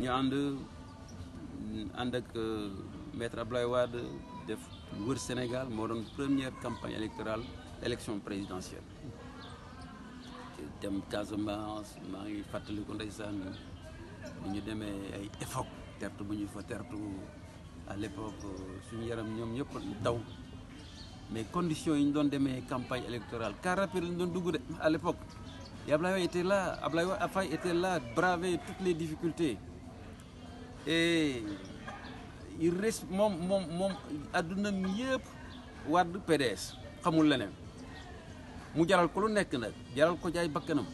Nous avons, ànd le euh, maître Abdoulaye de def wër Sénégal moo première campagne électorale élection présidentielle dem Casamance maa ngi ko ndeysaan ni ñu démé ay époque tertu bu ñu fa tertu à l'époque euh, suñu yaram ñom ñëpp daw mais conditions yi ñu doon démé campagne électorale car ñu à l'époque et était là Ablaye Faye était là braver toutes les difficultés Eh, res moom moom moom adduna mi yëpp Wade PDS xamul leneen mu jaral ko lu nekk nag jaral ko jaay bakkanam